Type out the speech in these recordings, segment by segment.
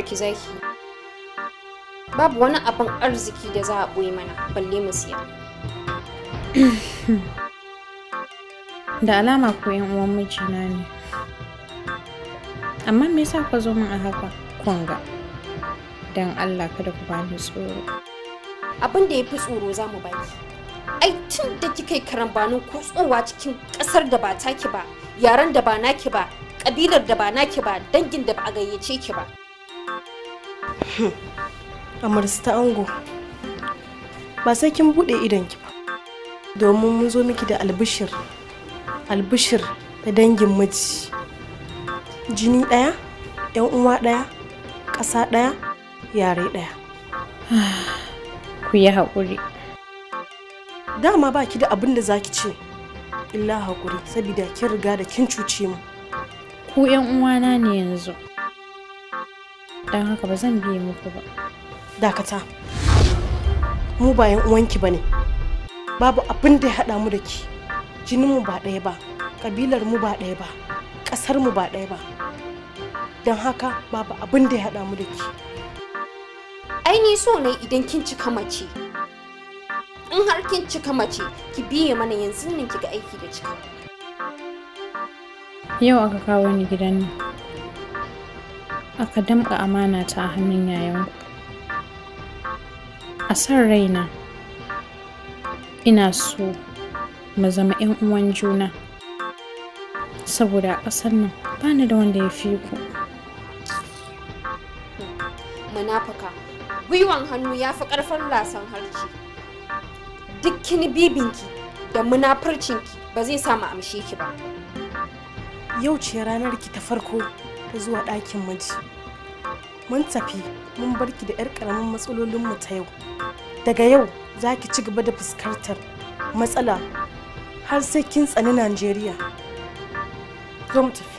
ki zaki babu wani abin arziki da za a ɓoye mana balle mu siya da alama ko yan uwan mijina ne amma me yasa ku zo min a haka kunga don allah kada ku bani tsoro abin da ya fi tsoro za mu baki ai tun da kika yi karambanin kutsowa cikin kasar da ba taki ba yaren da ba naki ba ƙabilar da ba naki ba dangin da ba a gayyace ki ba amarsu ta ango ba sai kin buɗe idonki ba domin mun zo miki da albishir albishir da dangin miji jini ɗaya yan uwa ɗaya ƙasa ɗaya yare ɗaya ku yi haƙuri dama ba ki da abin da za ki ce illa hakuri saboda kin riga da kin cuce mu ku yan uwana ne yanzu dan haka ba zan biye muku ba dakata mu ba yan uwanki bane babu abin da ya hada mu da ki mu ba daya ba kabilar mu ba daya ba kasar mu ba daya ba don haka babu abin da ya hada mu da ki ai ni so ne idan kin cika mace in har kin cika mace ki biye mana yanzu nan kiga aiki da cika yau aka kawo ni gidan nan aka damƙa amana ta a hannun yayanku. A san raina, ina so mu zama 'yan uwan juna, saboda a ƙasar nan ba ni da wanda ya fi ku. Munafuka, gwiwan hannu ya fi ƙarfin lasan harki. Dukkini bibinki da munafurcinki ba zai samu amshe ki ba. Yau ce ranar ki ta farko zuwa ɗakin miji. mun tafi mun barki da 'yar karamin matsalolinmu ta yau daga yau za ki ci gaba da fuskantar matsala har sai kin tsani najeriya tafi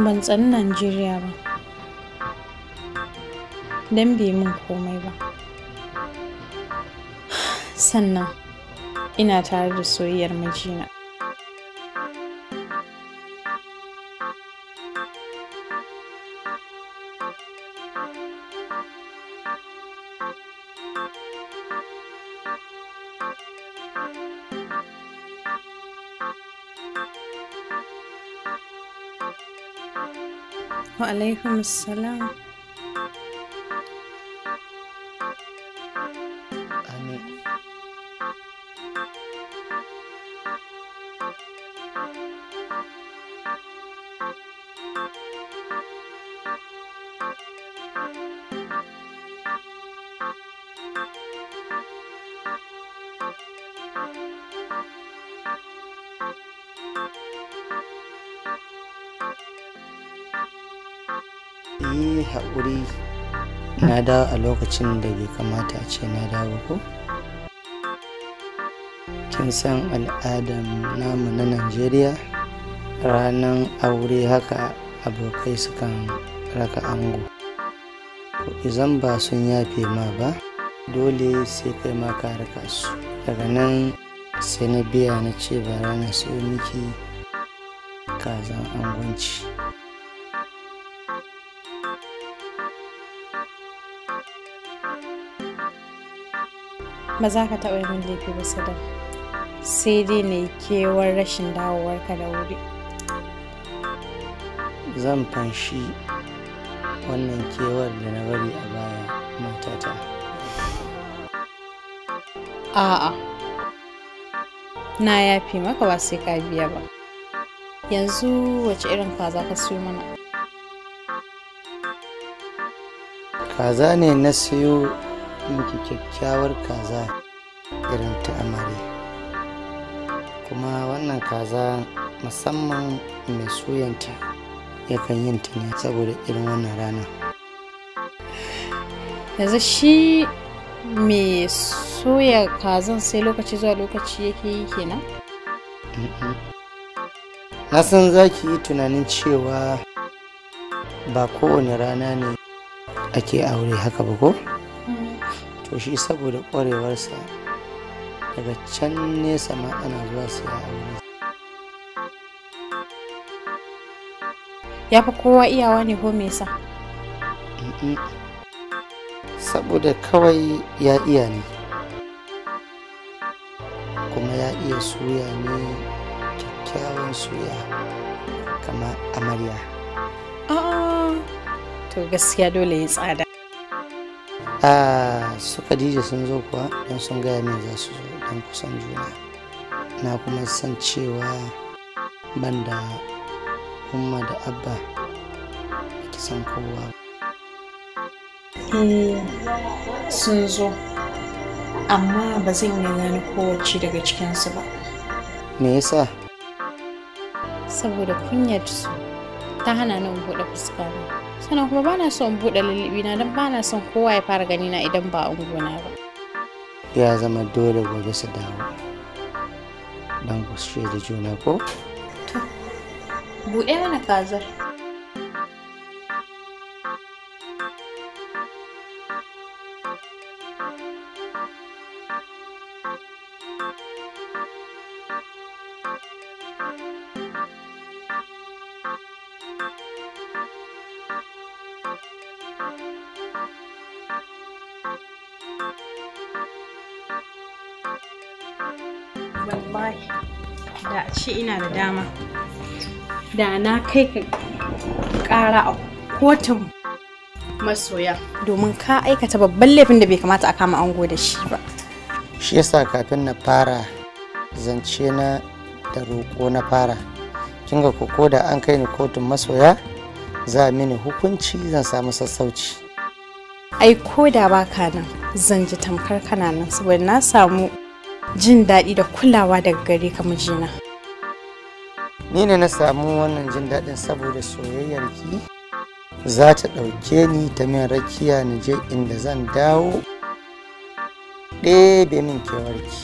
ban tsani Najeriya ba don bai min komai ba sannan ina tare da soyayyar mijina. عليكم السلام dawo a lokacin da bai kamata a ce na dawo ko kin san al'adar namu na najeriya ranar aure haka abokai sukan raka ango izan ba sun yafe ma ba dole sai kai ma ka raka su daga nan sai na biya na ce ba ranar sai miki kazan angonci ba za ka taɓa yin min laifi ba sadar sai dai na kewar rashin dawowarka da wuri zan fanshi wannan kewar da na bari a baya matata a'a na yafe maka ba sai ka biya ba yanzu wace irin kaza ka siyo mana kaza ne na siyo ɗinki kyakkyawar kaza irin ta amare kuma wannan kaza musamman mai soyanta yakan yin ta ne saboda irin wannan rana yanzu shi mai soya kazan sai lokaci zuwa lokaci yake yi kenan na san za ki yi tunanin cewa ba kowane rana ne ake aure haka ba ko? to shi saboda ƙwarewarsa daga can nesa ma ana zuwa su ya aure ya fi kowa iyawa ne ko me sa saboda kawai ya iya ne kuma ya iya suya ne kyakkyawan suya kama amarya to gaskiya dole ya tsada a ah, su khadija sun zo kuwa don sun gaya min za su zo don kusan juna na kuma san cewa ban da umma da abba ki san kowa eh, sun zo amma ba zan yi gane kowace daga cikinsu ba me yasa saboda kunyar su ta hana nan buɗe fuska ba sannan kuma bana so in buɗe lullubi na don bana son kowa ya fara gani na idan ba ungona ba ya zama dole gobe su dawo don ku da juna ko to buɗe mana kazar da dama da na kai ka kara a kotun masoya domin ka aikata babban laifin da bai kamata a kama ango da shi ba shi yasa kafin na fara zance na da roƙo na fara kinga ko da an kai ni kotun masoya za mini hukunci zan samu sassauci ai ko da ba ka nan zan ji tamkar kana nan saboda na samu jin daɗi da kulawa daga gare ka mijina. ni ne na samu wannan jin daɗin saboda soyayyar ki za ta ɗauke ni ta min rakiya ni je inda zan dawo ɗebe min kewar ki.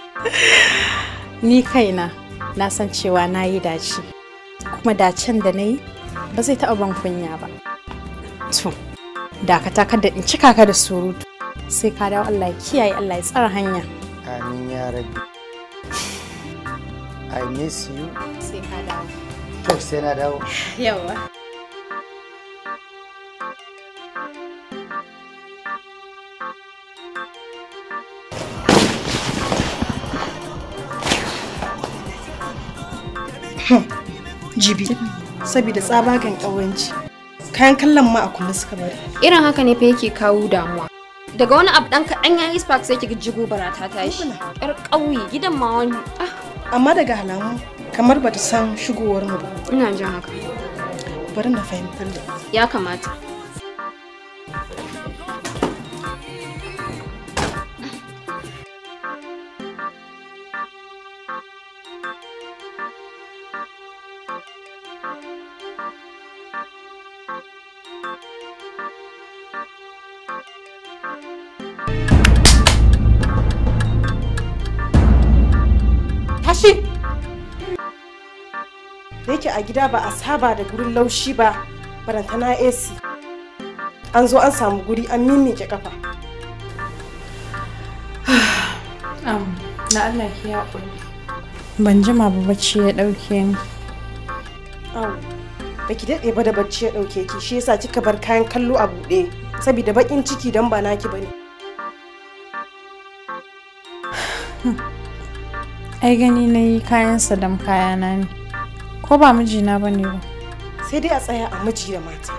ni kaina na san cewa na yi dace kuma dacen da na yi ba zai taɓa ban kunya ba to dakata kada in cika ka da surutu sai ka dawo Allah kiyaye Allah ya tsara hanya amin ya rabbi I miss you. Sai ka dawo. To sai na dawo. Yawa. Jibi, saboda tsabagen ƙawanci. Kayan kallon ma a kulle suka bari. Irin haka ne fa yake kawo damuwa. Daga wani abu ɗan kaɗan ya yi spark sai kiga jigo barata ta shi. Ƴar ƙauye gidan ma wani. Ah. amma daga alamu kamar bata san shigowar mu ba ina jin haka bari na fahimtar da ya kamata yake a gida ba a saba da gurin laushi ba barantana AC an zo an samu guri an mimike kafa na Allah ki ya ban jima ba bacci ya dauke ni au ba ki daɗe ba da bacci ya ɗauke ki shi yasa kika bar kayan kallo a buɗe saboda bakin ciki dan ba naki bane ai gani na yi kayan sadam kayana ne ko ba mijina ba ne ba sai dai a tsaya a miji da mata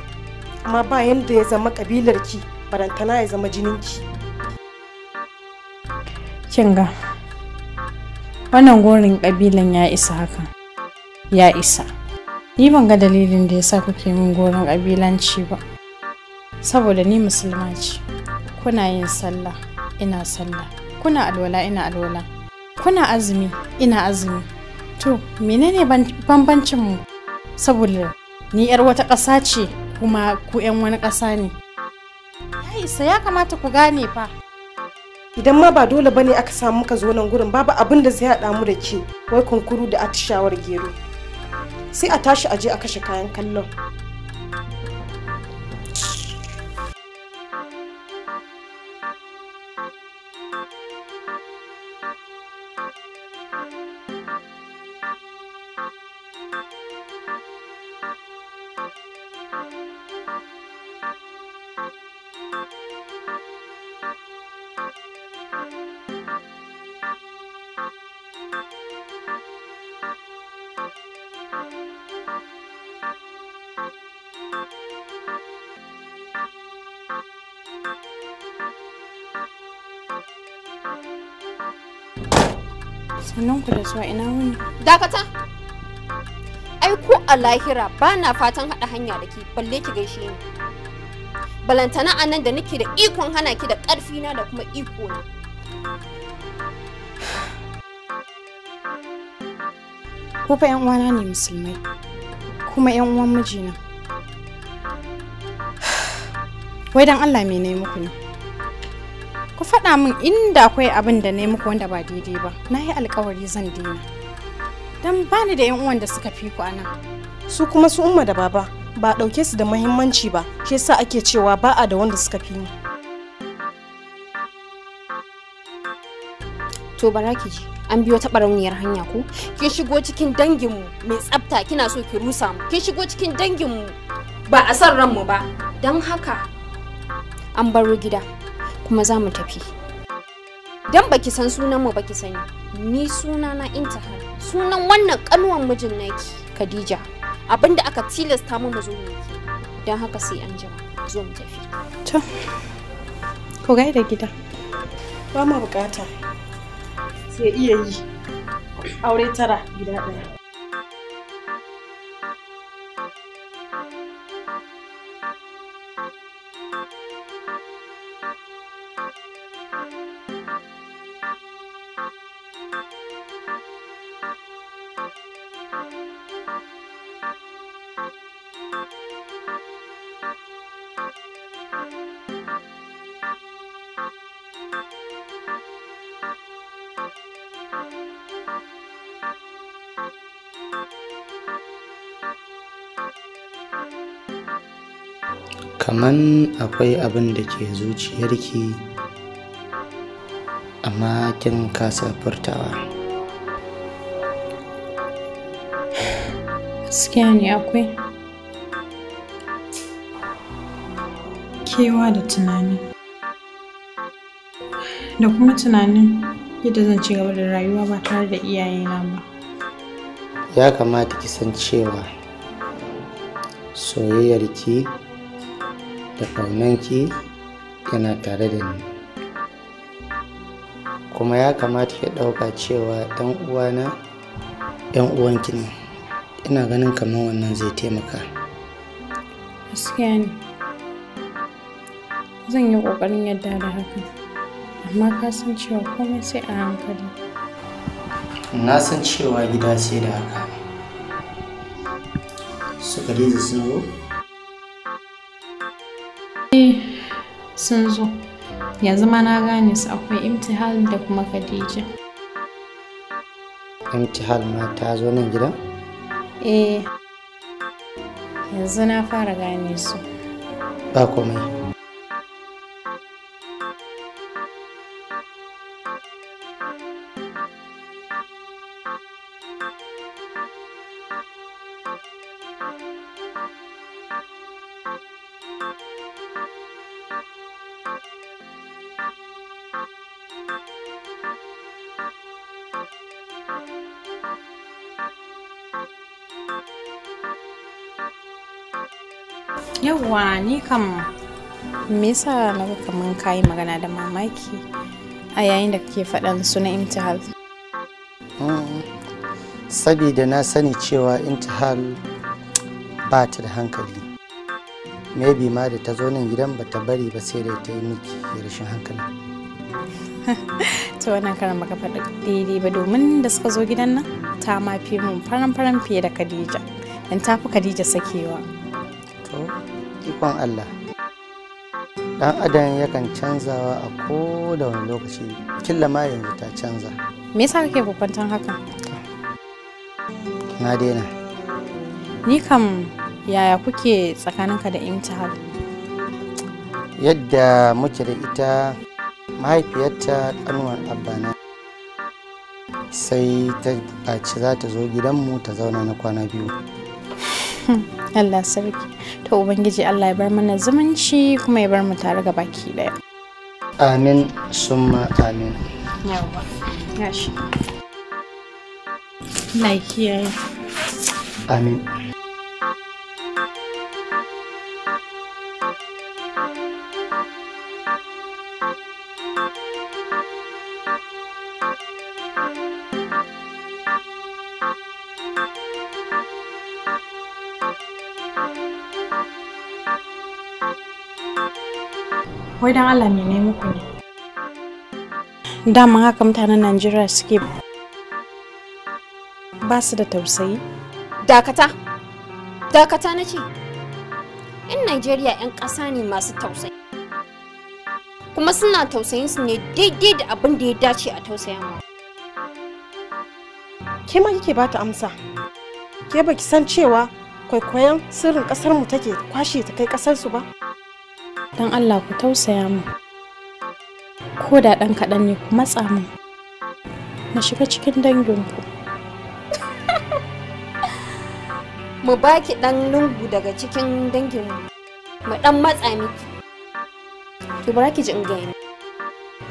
amma ba yanda ya zama kabilarki barantana ya zama jininki kinga wannan gorin kabilan ya isa haka ya isa ni ban ga dalilin da yasa kuke min gorin kabilanci ba saboda ni musulma ce kuna yin sallah ina sallah kuna alwala ina alwala kuna azumi ina azumi To, menene bambancin mu? Saboda ni 'yar wata ƙasa ce kuma ku 'yan wani ƙasa ne. Ya isa ya kamata ku gane fa. Idan ma ba dole bane aka samu muka zo nan gurin babu abin da zai haɗa mu da ke wai kunkuru da atishawar gero. Sai a tashi aje a kashe kayan kallon. kasuwa ina wuni. Dakata! Ai ko a lahira ba na fatan haɗa hanya da ki balle ki gaishe ni. Balantana a nan da nake da ikon hana ki da karfi na da kuma iko na. Ko fa ‘yan uwana ne musulmai, kuma ‘yan uwan mijina. Wai dan Allah me ne muku ne? ku faɗa min inda akwai abin da na yi muku wanda ba daidai ba na yi alkawari zan daina don ba ni da 'yan uwan da suka fi ku anan su kuma su umma da baba ba ɗauke su da mahimmanci ba shi sa ake cewa ba a da wanda suka fi ni to baraki an biyo ta barauniyar hanya ko kin shigo cikin danginmu mai tsafta kina so ki rusa mu kin shigo cikin danginmu ba a san ranmu ba don haka an baro gida kuma za mu tafi don baki san sunan mu baki sani ni suna na intaha, sunan wannan kanuwan mijin naki khadija abinda aka tilasta mu mu zo mu don haka sai an jira zo mu tafi to ko gai da gida ba mu bukata sai iya yi aure tara gida ɗaya kaman akwai abin da ke zuciyarki amma kin kasa furtawa gaskiya ne akwai kewa da tunani da kuma tunanin yadda zan ci gaba da rayuwa ba tare da iyayena ba ya kamata ki san cewa soyayyarki da ƙaunanki yana tare da ni kuma ya kamata ya ɗauka cewa ɗan uwana ɗan uwanki ne ina ganin kamar wannan zai taimaka gaskiya ne zan yi ƙoƙarin yadda da hakan amma ka san cewa komai sai a hankali na san cewa gida sai da haka su kare su sun sun zo yanzu ma na gane su akwai imtihal da kuma khadija imtihal ma ta zo nan gida? eh yanzu na fara gane su ba komai Yawwa ni kam me yasa na ga ka kayi magana da mamaki a yayin da kake faɗan sunan intihal. Mm. Sabida na sani cewa intihal ba ta da hankali. Maybe ma da ta zo nan gidan ba ta bari ba sai da ta yi miki rashin hankali. ta wannan karan baka daidai ba domin da suka zo gidan nan ta ma fi mun faran-faran fiye da Khadija. Dan ta fi Khadija sakewa. ikon Allah dan adam yakan canzawa a ko da wani lokaci killa ma yanzu ta canza me yasa kake kokwantan haka na daina ni kam yaya kuke tsakaninka da imtihal yadda muke da ita mahaifiyarta kanuwar na, sai ta buƙaci za ta zo gidanmu ta zauna na kwana biyu Allah sarki to ubangiji Allah ya bar mana zumunci kuma ya bar mu tare ga baki daya amin summa amin yawa yashi like amin Wai dan Allah ne muku ne. Daman haka mutanen Najeriya suke ba su da tausayi. Dakata, dakata na ce, Najeriya ‘yan ƙasa ne masu tausayi. Kuma suna tausayin su ne daidai da abin da ya dace a tausayin mu. Ke ma kike ba ta amsa, ke baki san cewa kwaikwayon sirrin kasar mu take kwashe ta kai kasar su ba don allah ku tausaya mu ko da ɗan kadan ne ku matsa mu na shiga cikin danginku mu baki ɗan lungu daga cikin danginmu mu ɗan matsa miki ki bara ki ji in gaya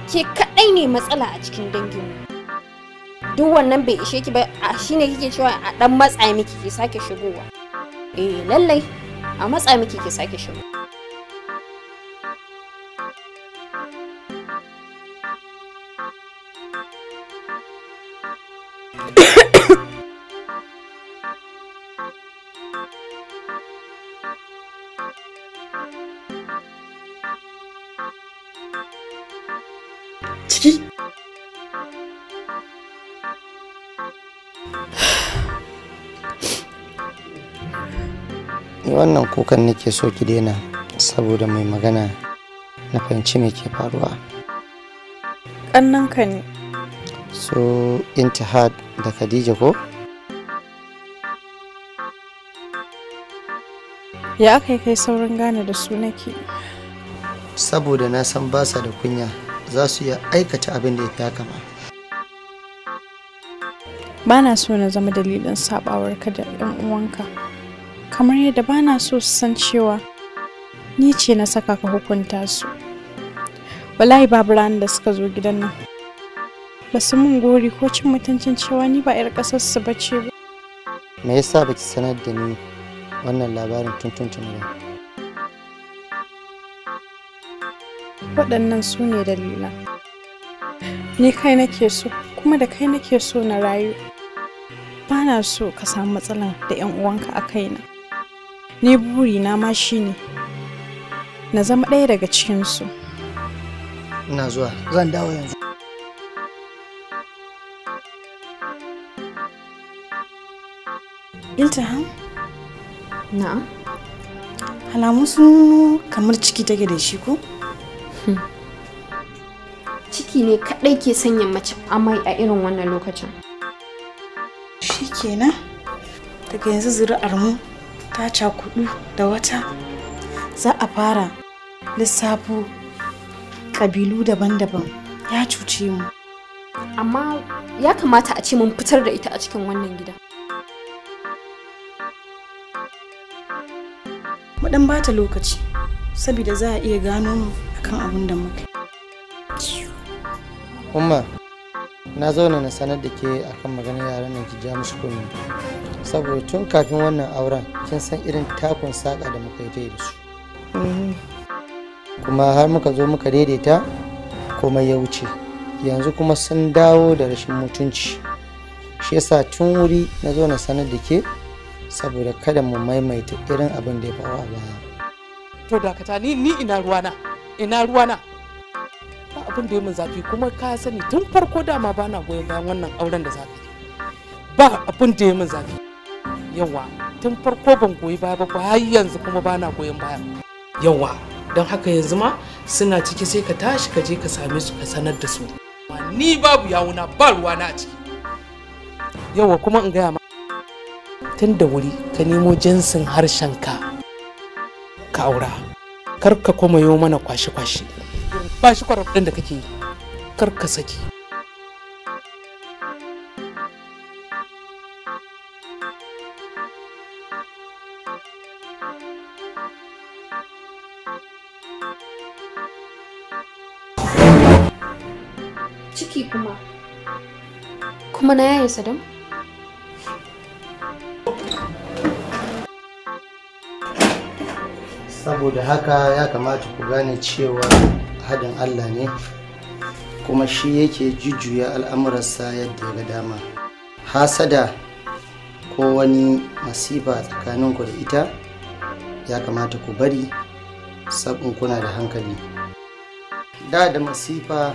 ke kaɗai ne matsala a cikin danginmu duk wannan bai ishe ki ba shine kike cewa a dan matsa miki ki sake shigowa eh lallai a matsa miki ki sake shigo wannan kukan nake so ki daina saboda mai magana na fahimci mai ke faruwa ƙannanka ne so intihad da khadija ko ya aka yi kai saurin gane da su nake saboda na san basa da kunya za su iya aikata abin da ya fi haka ba na so na zama dalilin sabawar ka da 'yan uwanka kamar yadda ba na so su san cewa ni ce na saka ka hukunta su wallahi babu ranar da suka zo gidan nan ba su mun gori ko cin mutuncin cewa ni ba 'yar ƙasar su ba ce ba me yasa baki sanar da ni wannan labarin tuntuntun ba waɗannan su ne dalilan ni kai nake so kuma da kai nake so na rayu ba na so ka samu matsala da 'yan uwanka a kaina. ni burina ma ne na zama ɗaya daga cikinsu ina zuwa zan dawo yanzu iltiham na'am alamun sun kamar ciki take da shi ko hmm. ciki ne kaɗai ke sanya mace amai a irin wannan lokacin shi kenan daga yanzu zuri'ar mu ta kudu da wata za a fara lissafo kabilu daban-daban ya cuce mu amma ya kamata a ce mun fitar da ita a cikin wannan gida mu dan bata lokaci saboda za a iya gano mu akan abin da muke umma na zauna na sanar da ke akan maganar yaran nan ki ja musu kunni saboda tun kafin wannan auren kin san irin takun saƙa da muka yi da su mm-hmm. kuma har muka zo muka daidaita komai ya wuce yanzu kuma sun dawo da rashin mutunci shi yasa tun wuri na zo na sanar da ke saboda kada mu maimaita irin abin da ya faru a baya to dakata ni ni ina ruwana ina ruwana ba abin da ya min zafi kuma ka sani tun farko dama bana goyon bayan wannan auren da zafi ba abin da ya min zafi yawa tun farko ban goyi baya ba ko har yanzu kuma bana goyon baya yawa don haka yanzu ma suna ciki sai ka tashi ka je ka same su ka sanar da su ni babu yawuna ba ruwana a ciki yawa kuma in gaya ma tun da wuri ka nemo jinsin harshen ka ka aura kar ka kuma yo mana kwashi-kwashi ba shi kwarafin da kake kar ka saki Ciki kuma. Kuma na yaye Sadam? Saboda haka ya kamata ku gane cewa hadin Allah ne, kuma shi yake jujjuya al'amuransa yadda ya ga dama. Hasada ko wani masifa tsakaninku da ita? ya kamata ku bari sabon kuna da hankali da da masifa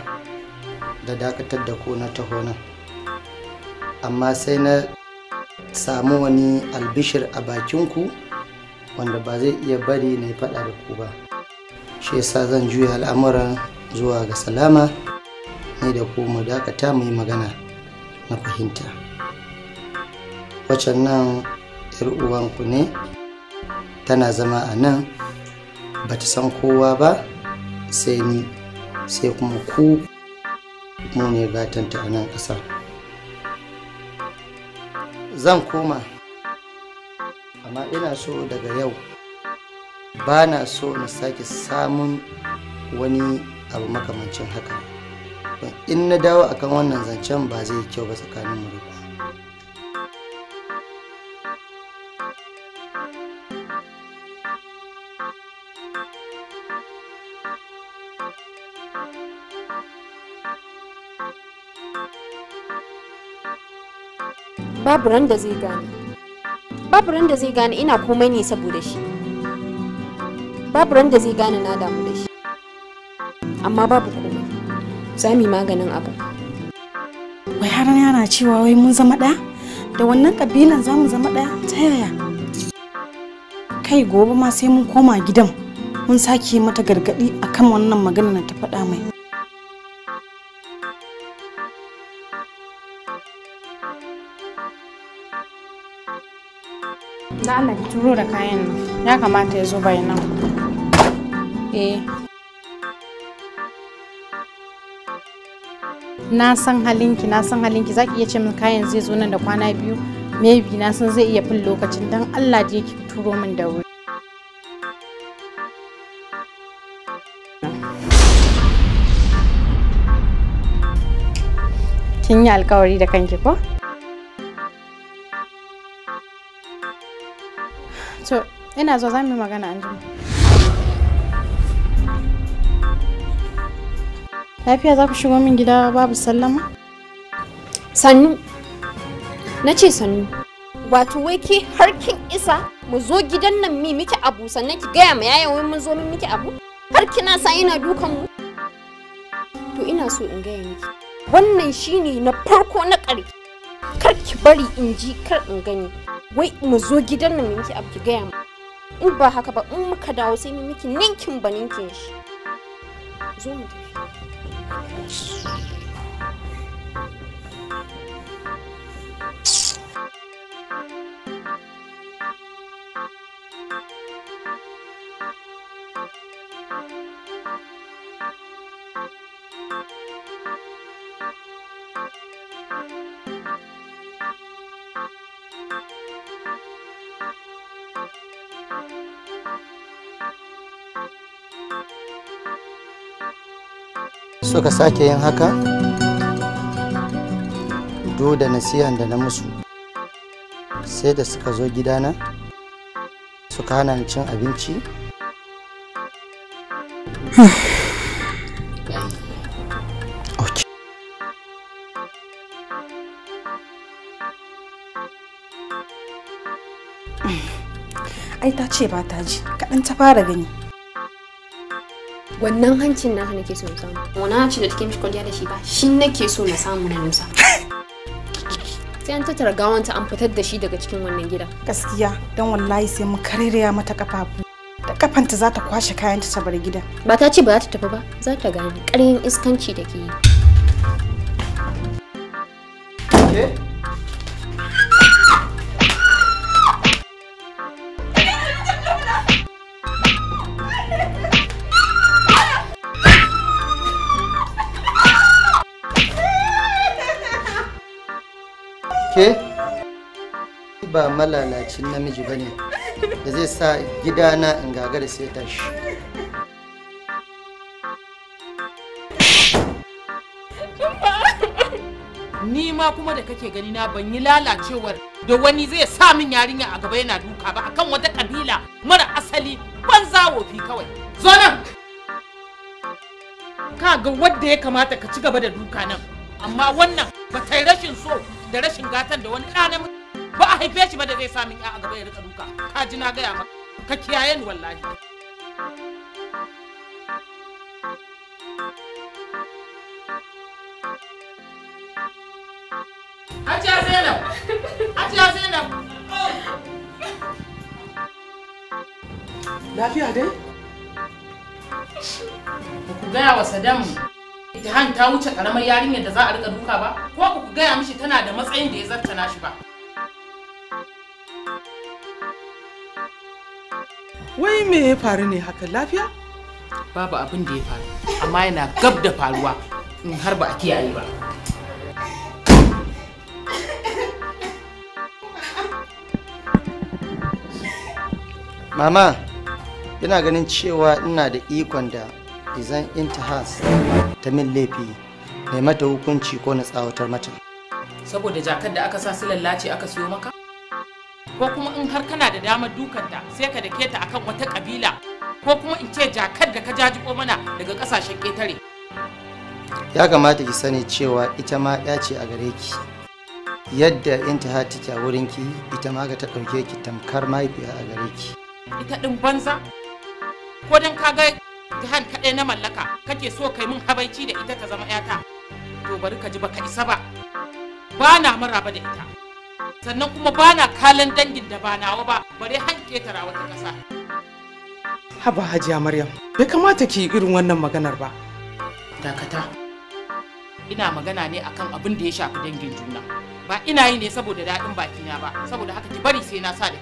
da dakatar da ku na taho nan amma sai na samu wani albishir a bakin ku wanda ba zai iya bari na yi faɗa da ku ba shi yasa zan juya al'amuran zuwa ga salama ne da ku mu dakata mu yi magana na fahimta Wacce nan uwanku ne tana zama a nan ba ta san kowa ba sai ni sai kuma ku mu ne gatanta a nan ƙasa zan koma amma ina so daga yau ba na so na sake samun wani abu makamancin haka in na dawo akan wannan zancen ba zai kyau ba tsakaninmu babu ran da zai gane babu ran da zai gani ina komai ne saboda shi babu ran da zai gane na damu da shi amma babu komai za mu yi maganin abu wai har yana cewa wai mun zama ɗaya da wannan ƙabilan za mu zama ɗaya ta yaya kai gobe ma sai mun koma gidan mun sake mata gargaɗi akan wannan maganar ta faɗa mai turo da kayan nan ya kamata ya zo bai nan eh na san halinki na san halinki zaki iya ce min kayan zai zo nan da kwana biyu maybe na san zai iya fin lokacin dan Allah je ki turo min da wuri kin yi alkawari da kanki ko Ina zo za mu yi magana an jima. Lafiya za ku shigo min gida babu sallama? Sannu. Na ce sannu. Wato wai ke har kin isa mu zo gidan nan mi miki abu sannan ki gaya ma yayan wai mun zo min miki abu? Har kina sa ina dukan mu? To ina so in gaya miki. Wannan shine na farko na ƙarki. Kar ki bari in ji kar in gani. Wai mu zo gidan nan mi miki abu ki gaya ma. in ba haka ba in muka dawo sai mun miki ninkin ba ninkin shi zo mu Thank you. suka sake yin haka do da nasihan da na musu sai da suka zo gidana suka hana ni cin abinci ai ta ce ba ta ji kaɗan ta fara gani wannan hancin naka nake so na samu wannan hancin da take mishi kwalliya da shi ba shi nake so na samu na nusa sai an tattara gawanta an fitar da shi daga cikin wannan gida gaskiya don wallahi sai mun karirya mata kafafu da kafanta za ta kwashe kayan ta bar gida ba ta ce ba za ta tafi ba za ta gane ƙaryin iskanci da ke yi ke ba malalacin namiji ba ne da zai sa gidana in gagara sai tashi ni ma kuma da kake gani na ban yi lalacewar da wani zai sa min yarinya a gaba yana duka ba akan wata kabila mara asali ban wofi kawai zo nan ka ga wadda ya kamata ka ci gaba da duka nan amma wannan ba ta rashin so da rashin gatan da wani ɗana ba a haife shi ba da zai samun ya a gaba ya rika duka ka ji na gaya maka ka kiyaye ni wallahi Hajiya Zainab! Hajiya Zainab! Lafiya dai? ku gaya wa Sadamu. han ta wuce karamar yarinyar da za a rika duka ba, ko ku gaya mishi tana da matsayin da ya zartana shi ba. Wai me ya faru ne haka lafiya? Babu abin da ya faru, amma yana gab da faruwa in har ba a kiyaye ba. Mama, ina ganin cewa ina da ikon da izan intihas ta min laifi ne mata hukunci ko na tsawatar mata saboda jakar da aka sa su lallace aka siyo maka ko kuma in har kana da damar dukar ta sai ka dake ta akan wata kabila ko kuma in ce jakar da ka jajibo mana daga kasashen ƙetare ya kamata ki sani cewa ita ma ya ce a gare ki yadda intaha take a wurin ki ita ma ga ta ɗauke ki tamkar mahaifiya a gare ki ita ɗin banza ko dan ka ga jahan kaɗai na mallaka kake so kai mun habaici da ita ta zama yata to bari ka ji baka isa ba ba na maraba da ita sannan kuma ba na kalan dangin da ba nawa ba bare han ketara wata ƙasa haba hajiya maryam bai kamata ki irin wannan maganar ba dakata ina magana ne akan abin da ya shafi dangin juna ba ina yi ne saboda daɗin bakina ba saboda haka ki bari sai na sa da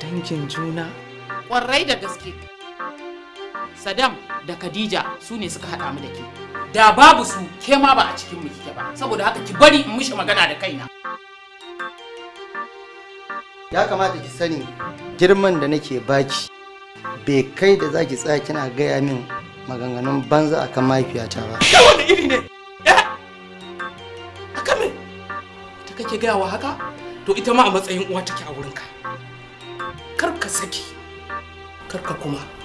dangin juna ƙwarai da gaske sadam da khadija su ne suka haɗa mu da ke da babu su ke ma ba a cikin mu kike ba saboda haka ki bari in mishi magana da kaina ya kamata ki sani girman da nake baki bai kai da zaki tsaya kina gaya min maganganun banza akan mahaifiyata ba kai wani iri ne Eh? Akame. ta kake gaya wa haka to ita ma a matsayin uwa take a ka kar ka saki kar ka kuma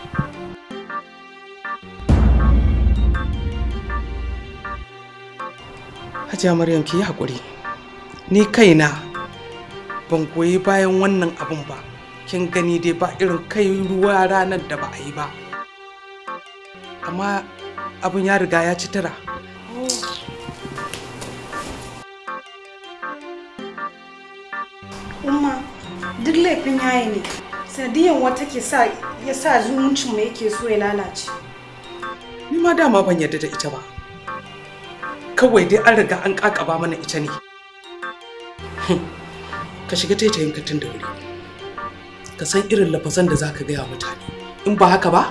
hajiya maryam ki yi hakuri ni kaina ban goyi bayan wannan abun ba kin gani dai ba irin kai ruwa ranar da ba a yi ba amma abin ya riga ya ci tara umma duk laifin yayi ne sanadiyan wata ke sa ya sa zumuncin yake so ya lalace ni ma dama ban yarda da ita ba kawai dai an riga an kakaba mana ita ne ka shiga taitayin ka da wuri ka san irin lafazan da za ka gaya mutane in ba haka ba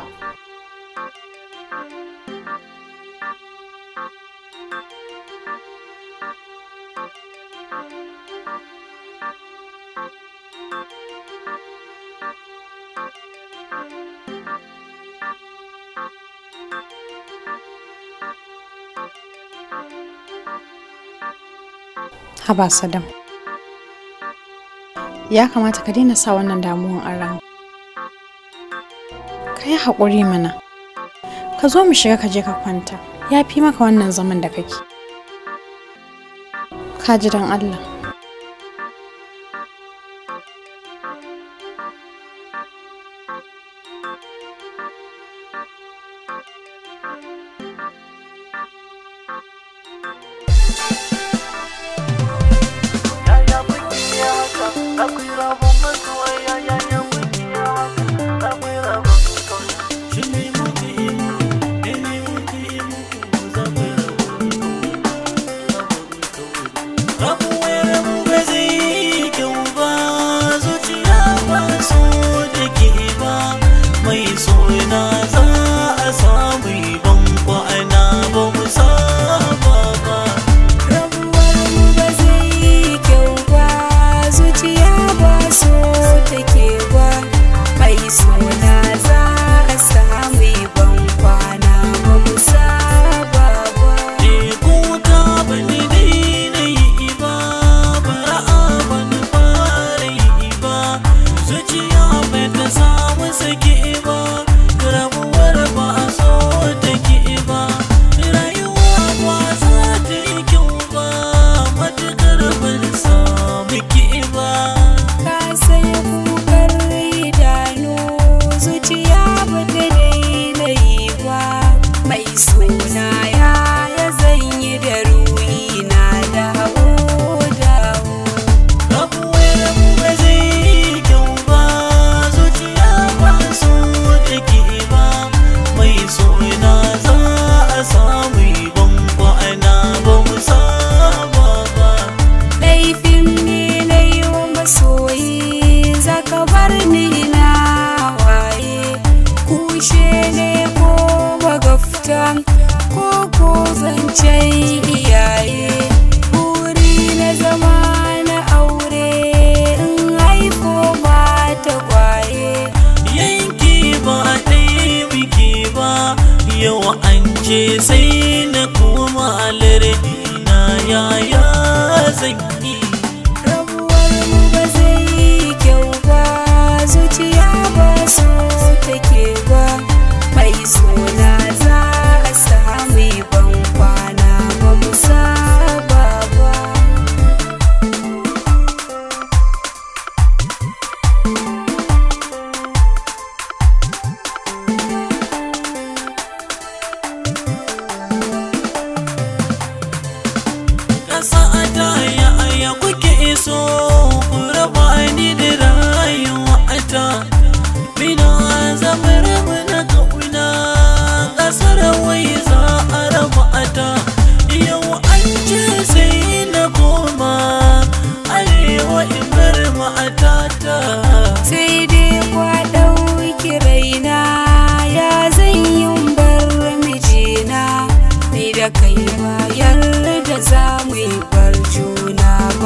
Haba Ya kamata ka daina sa wannan damuwan a ran. Ka yi haƙuri mana. Ka zo mu shiga ka je ka kwanta. Yafi maka wannan zaman da kake. Ka ji don Allah.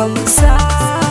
Inside.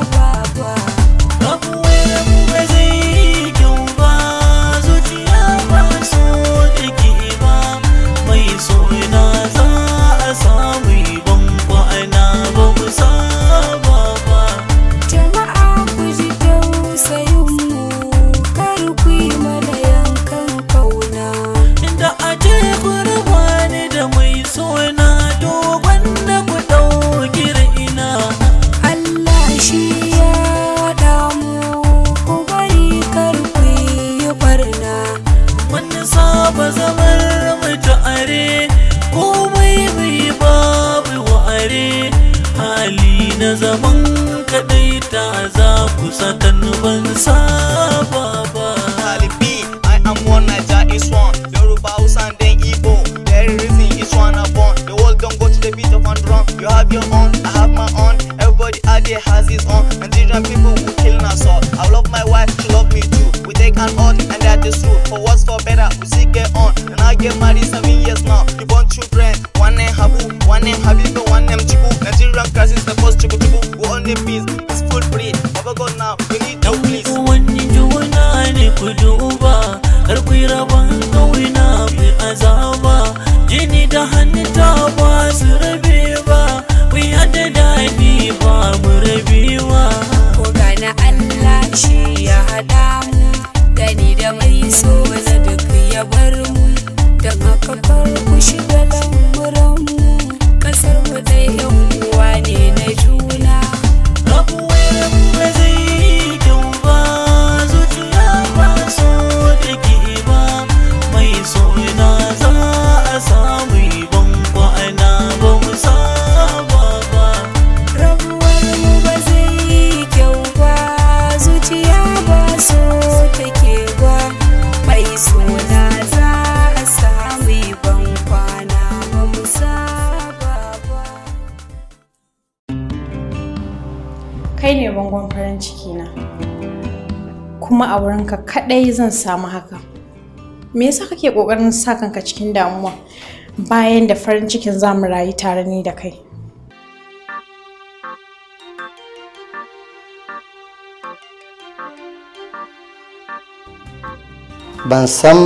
zan samu haka me yasa kake kokarin sa kanka cikin damuwa bayan da farin cikin za mu rayu tare ni da kai ban san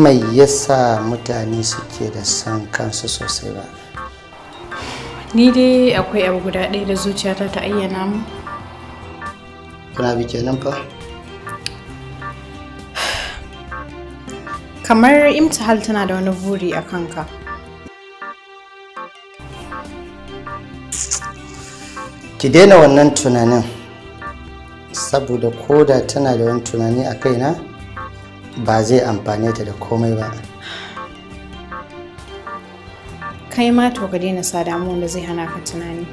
mai yasa mutane suke da son kansu sosai ba ni dai akwai abu guda ɗaya da zuciyata ta ayyana mu kuna bi kenan fa kamar imtihal tana da wani buri a kanka ki daina wannan tunanin saboda koda tana da wani tunani a kaina ba zai amfane ta da komai ba kai ma to ka daina sa damuwan da zai hana ka tunani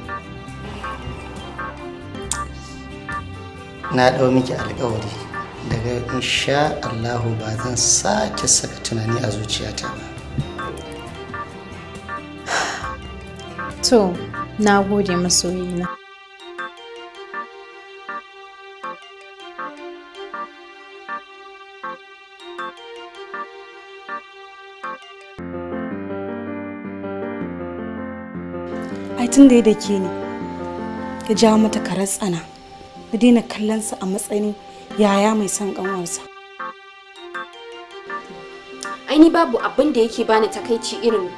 na ɗau miki alkawari daga insha Allahu ba zan sake saka tunani a zuciyata ba. To, na gode masoyina. Ai tun da ya dake ni, ya ja mata karar tsana, na daina kallon sa a matsayin yaya mai son ƙanwarsa. Aini babu abin da yake bani takaici irin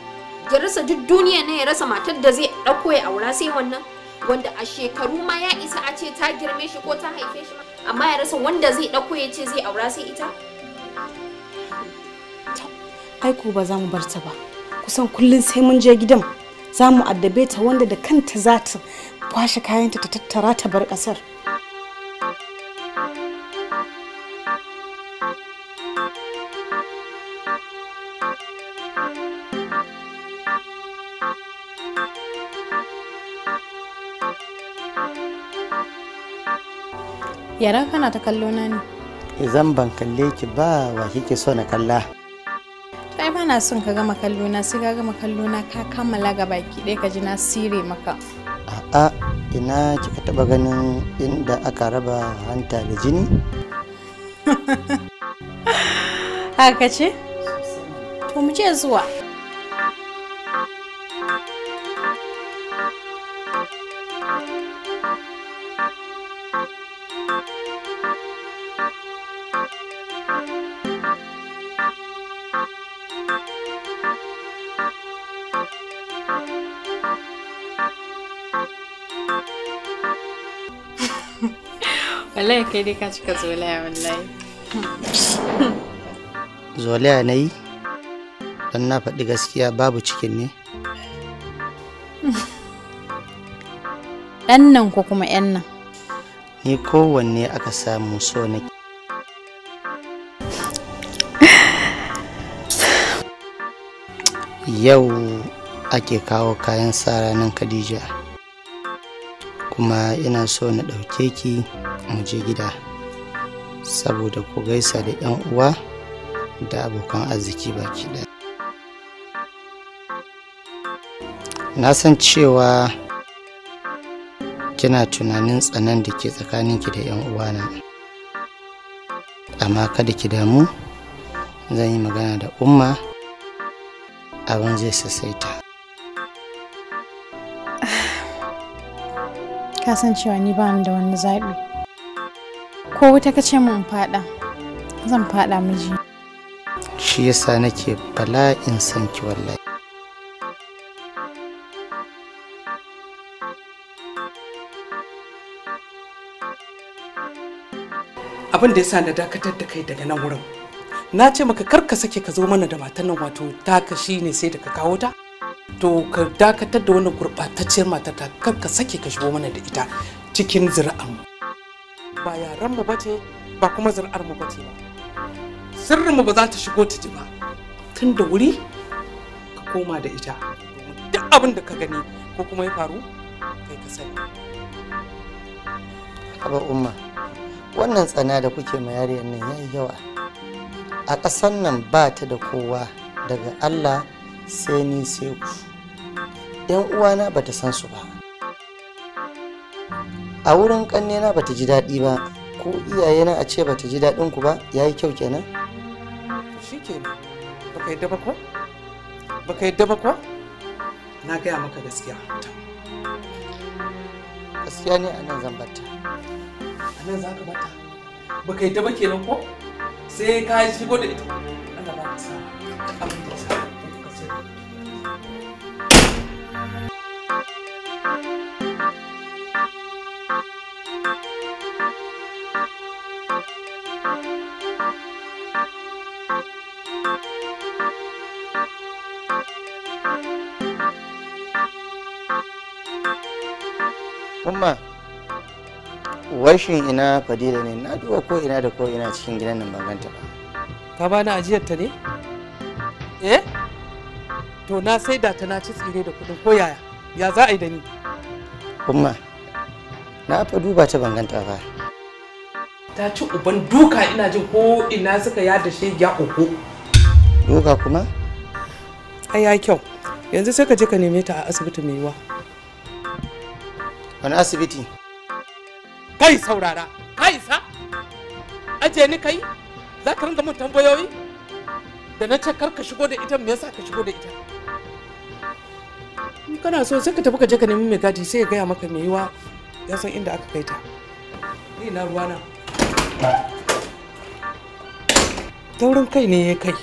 ya rasa duk duniya ne ya rasa matar da zai ɗauko ya aura sai wannan wanda a shekaru ma ya isa a ce ta girme shi ko ta haife shi amma ya rasa wanda zai ɗauko ya ce zai aura sai ita. Ai ko ba za mu bar ta ba kusan kullum sai mun je gidan za mu addabe ta wanda da kanta za ta kwashe kayanta ta tattara ta bar ƙasar. Yara kana ta kallo na ne. Eh, zan ban kalle ki ba wa kike so na kalla. Kai ba na son ka gama kallo na sai ka gama kallo na ka kammala ga baki dai ka ji na sire maka. A'a ina kika taba ganin inda aka raba hanta da jini? Haka ce? To mu je zuwa. kai dai ka cika zolaya wallahi zolaya na yi don na faɗi gaskiya babu cikin ne ɗan nan ko kuma ƴan nan ni kowanne aka samu so na yau ake kawo kayan sa ranar khadija kuma ina so na ɗauke ki mu je gida saboda ku gaisa da 'yan uwa da abokan arziki baki ɗaya na san cewa kina tunanin tsanan da ke tsakanin ki da 'yan uwana amma kada ki damu zan yi magana da umma abin zai sassaita ka san cewa ni ba ni da wani zaɓi ko wuta ka ce min faɗa zan faɗa miji shi yasa nake in san ki wallahi abin da yasa na dakatar da kai daga nan wurin na ce maka kar ka sake ka zo mana da matan nan wato taka ne sai da ka kawo ta to ka dakatar da wannan gurɓatacciyar matata kar ka sake ka shigo mana da ita cikin zuri'armu ba yaran ba ce ba kuma zuri'armu ba ce ba sirrinmu ba za ta shigo ta ji ba tun da wuri ka koma da ita duk abin da ka gani ko kuma ya faru kai ka sani haba umma wannan tsana da kuke ma yariyar nan yayi yawa a ƙasar nan ba ta da kowa daga allah sai ni sai ku yan uwana bata san su ba a wurin na bata ji daɗi ba ko na a ce bata ji daɗin ku ba yayi kyau kenan shikenan baka yadda ba ko baka yadda ba ko na gaya maka gaskiya gaskiya ne a nan zan bata a nan za ka bata baka yadda ba kenan ko sai ka shigo da ita Allah ba ta sa abin da ta sa umma washin ina fadila ne na duba ko ina da ko ina cikin gidan nan banganta ba ka bani ajiyar ta ne to na sai da ta na ci tsire da kuɗin ko yaya ya za a yi da ni umma na fa duba ta banganta ba ta ci uban duka ina jin ko ina suka ya da shi ya uku duka kuma ai ya kyau yanzu sai ka je ka neme ta a asibiti mai yiwa wani asibiti kai saurara kai sa aje ni kai za ka ringa mun tambayoyi da na ce kar ka shigo da ita me yasa ka shigo da ita kana so sai ka tafi ka je ka nemi mai gadi sai ya gaya maka mai yiwa ya san inda aka kai ta ni na na taurin kai ne ya kai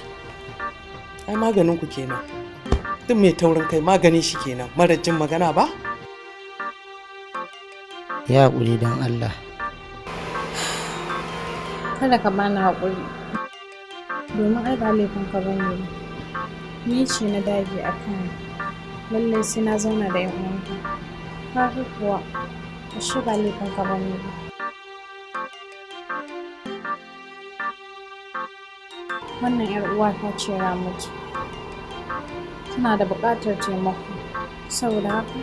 ai maganin ku kenan duk mai taurin kai maganin shi kenan mara jin magana ba ya haƙuri don Allah kada ka bani haƙuri domin ai ba laifin ka bane ni ce na dage akan lallai sai na zauna da yan uwanka fi kuwa ka shiga laifin ka ba wannan yar uwa ta ce ramatu tana da buƙatar taimako saboda haka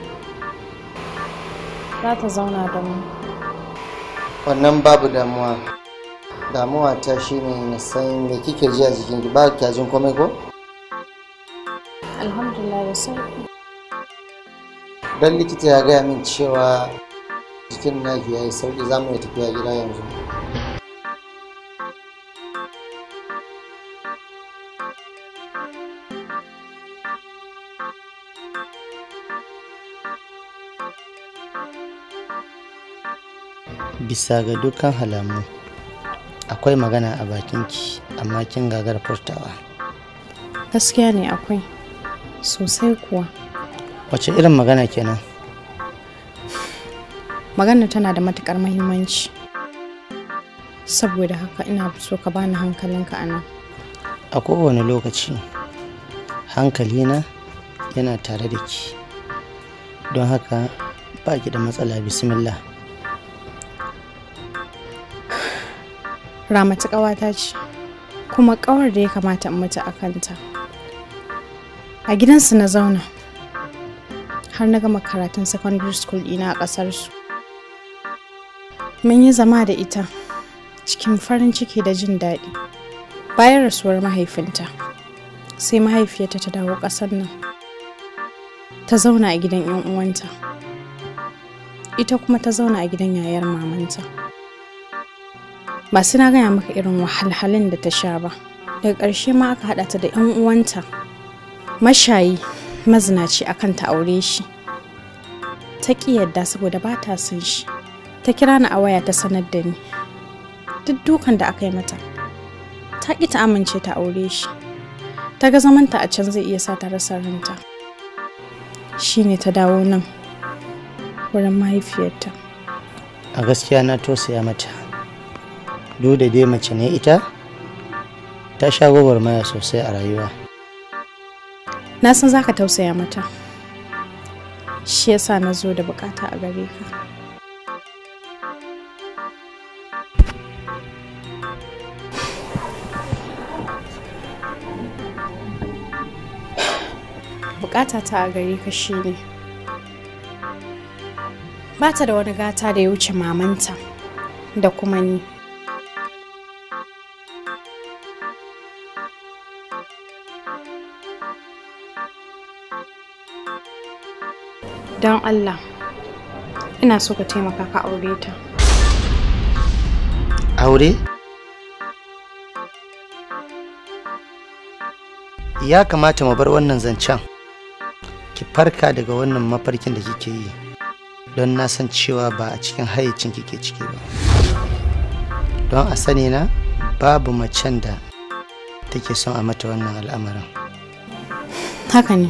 za ta zauna da mu wannan babu damuwa damuwa ta shi ne na san me kike ji a jikin ba kya jin komai ko alhamdulillah da sauki dan likita ya gaya min cewa jikin naki ya yi sauki za mu yi tafiya gida yanzu bisa ga dukkan halamu akwai magana a bakin bakinki amma kin gagar furtawa gaskiya ne akwai sosai kuwa wace irin magana kenan magana tana da matukar mahimmanci saboda haka ina so ka bani hankalinka a nan a kowane lokaci hankalina yana tare da ki don haka ba ki da matsala bismillah ramata ƙawata ce kuma ƙawar da ya kamata in mutu a kanta a gidansu na zauna har na gama karatun secondary school ɗina a ƙasar su. Mun yi zama da ita cikin farin ciki da jin daɗi. Bayan rasuwar mahaifinta, sai mahaifiyarta ta dawo ƙasar nan. Ta zauna a gidan 'yan uwanta. Ita kuma ta zauna a gidan yayar mamanta. Ba su na gaya maka irin wahalhalin da ta sha ba. Daga ƙarshe ma aka haɗa ta da 'yan uwanta. Mashayi mazinaci akan ta aure shi ta ƙi yadda saboda ba ta son shi ta kira ni a waya ta sanar da ni duk dukan da aka yi mata ta ƙi ta amince ta aure shi ta ga zamanta a can zai iya sa ta rasa ranta shi ne ta dawo nan wurin mahaifiyarta a gaskiya na tosaya mata duk da dai mace ne ita ta sha gwagwarmaya sosai a rayuwa na san za ka tausaya mata shi yasa na zo da bukata a gare ka bukata ta a gare ka shine ba ta da wani gata da ya wuce mamanta da kuma ni don Allah ina so ka taimaka ka aure ta aure ya kamata mu bar wannan zancen ki farka daga wannan mafarkin da kike yi don na san cewa ba a cikin hayyacin kike ciki ba don a sani na babu macen da take son a mata wannan al'amarin haka ne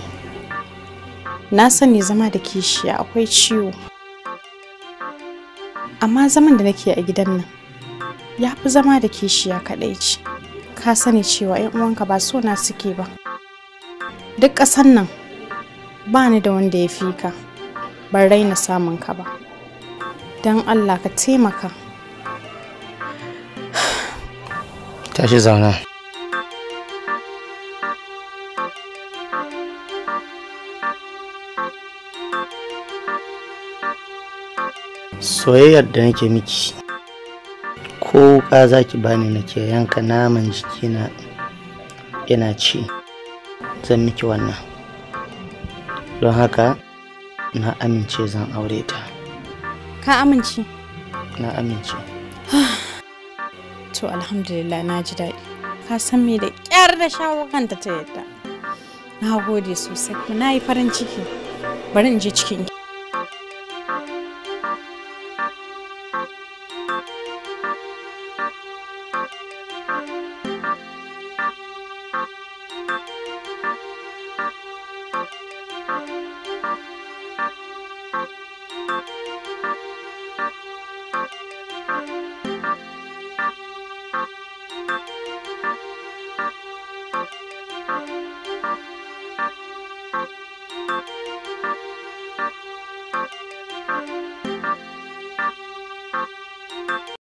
na sani zama da kishiya akwai ciwo amma zaman da nake a gidan nan ya fi zama da kishiya kaɗai ce ka sani cewa 'yan uwanka ba so na suke ba duk ƙasan nan ba ni da wanda ya fi ka ban raina samun ka ba don allah ka taimaka tashi zauna soyayyar da nake miki ko wuka za ki bani nake yanka naman jikina yana ci zan miki wannan don haka na amince zan aure ta ka amince na amince to alhamdulillah na ji daɗi ka san me da ƙyar da shawo kanta ta yadda na gode sosai na yi farin ciki bari in je cikin